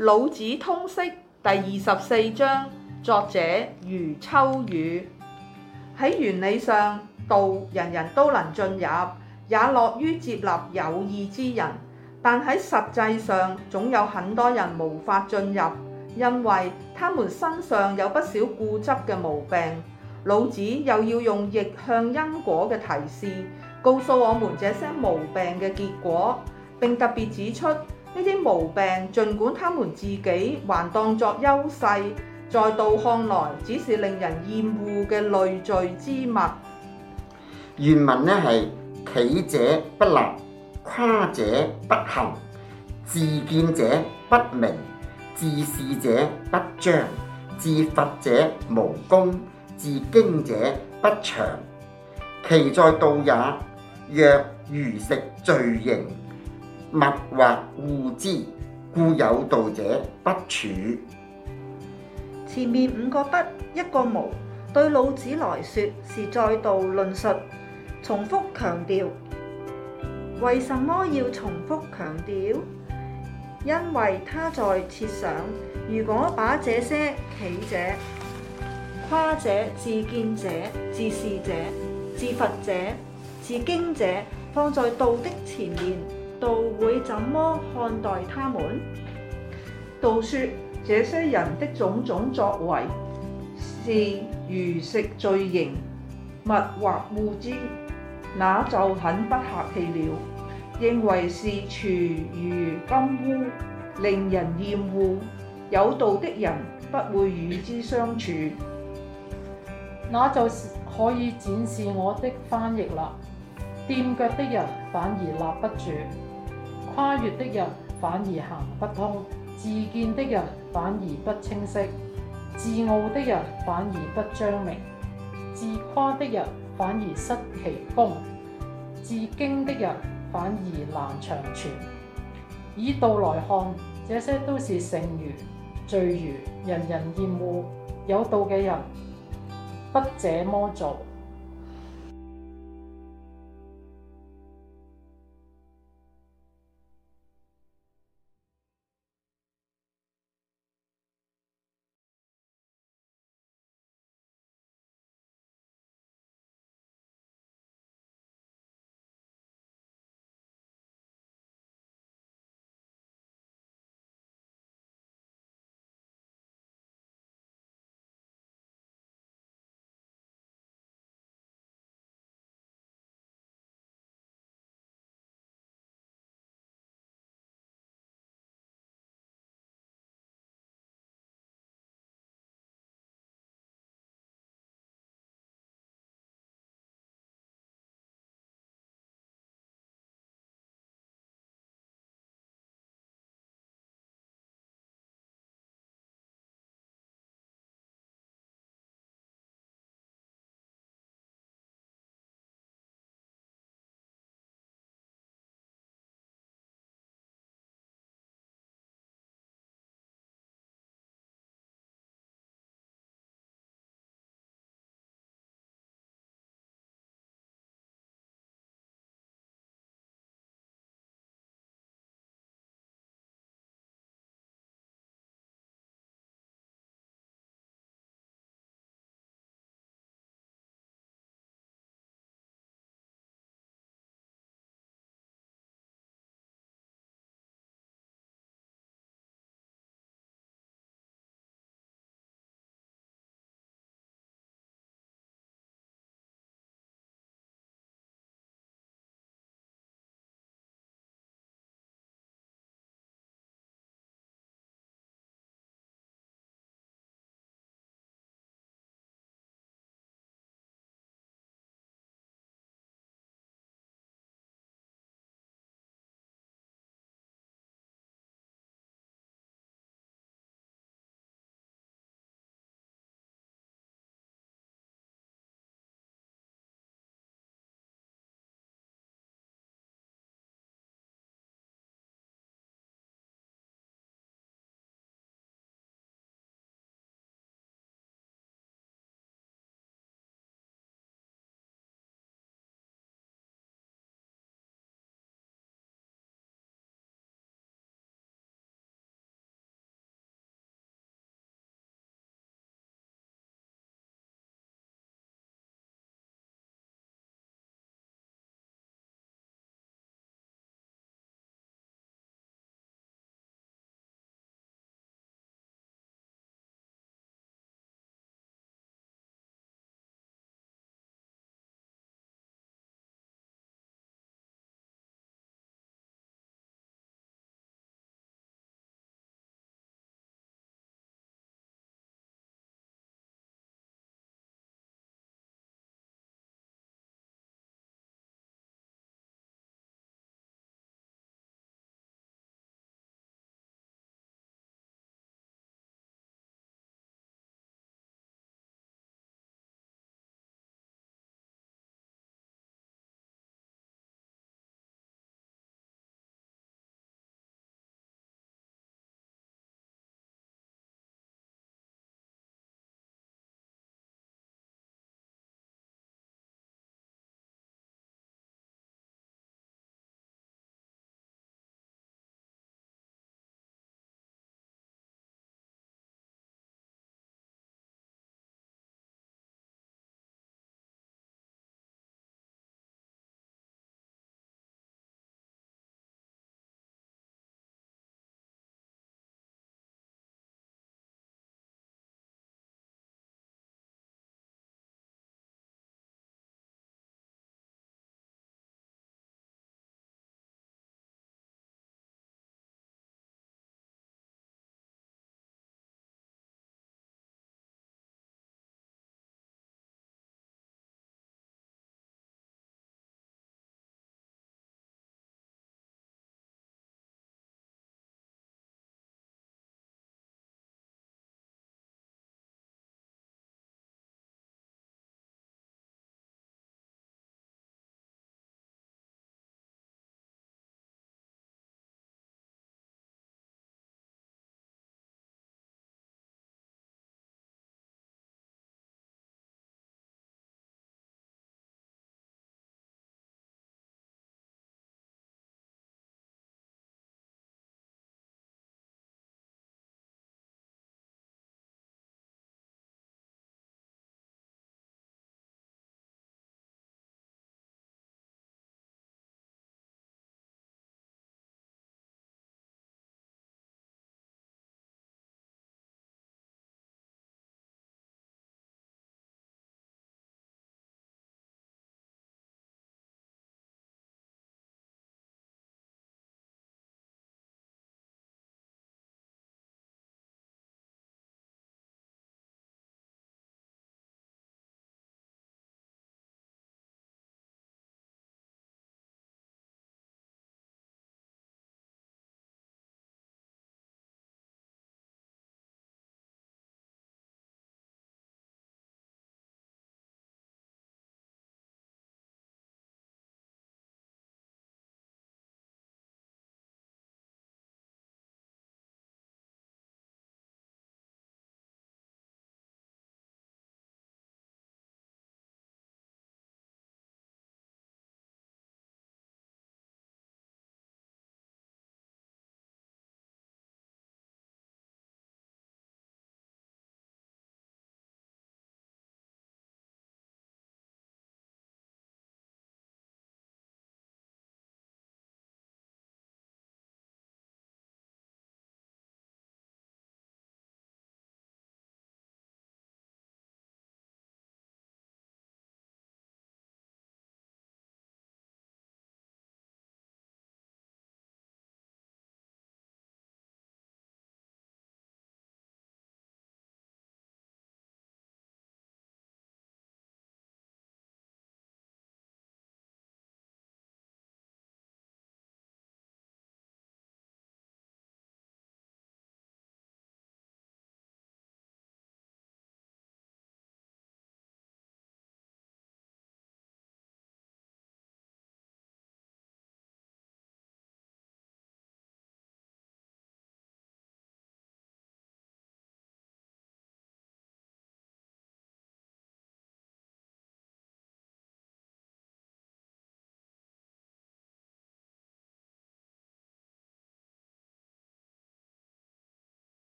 老子通釋第二十四章，作者余秋雨。喺原理上，道人人都能進入，也樂於接納有意之人。但喺實際上，總有很多人無法進入，因為他們身上有不少固執嘅毛病。老子又要用逆向因果嘅提示，告訴我們這些毛病嘅結果，並特別指出。呢啲毛病，儘管他們自己還當作優勢，在道看來只是令人厭惡嘅累贅之物。原文呢係：企者不立，跨者不行，自見者不明，自是者不彰；自伐者無功，自矜者不長。其在道也，曰：餘食贅行。物或惡之，故有道者不處。前面五個不，一個無，對老子來說是再度論述，重複強調。為什麼要重複強調？因為他在設想，如果把這些企者、夸者、自見者、自是者、自伐者、自矜者放在道的前面。道會怎麼看待他們？道說這些人的種種作為是餘食贅行，物或惡之，那就很不客氣了。認為是廚餘金污，令人厭惡，有道的人不會與之相處。那就是可以展示我的翻譯啦。踮腳的人反而立不住。跨越的人反而行不通，自見的人反而不清晰，自傲的人反而不彰明，自誇的人反而失其功，自矜的人反而難長存。以道來看，這些都是剩餘、贅餘，人人厭惡。有道嘅人不這麼做。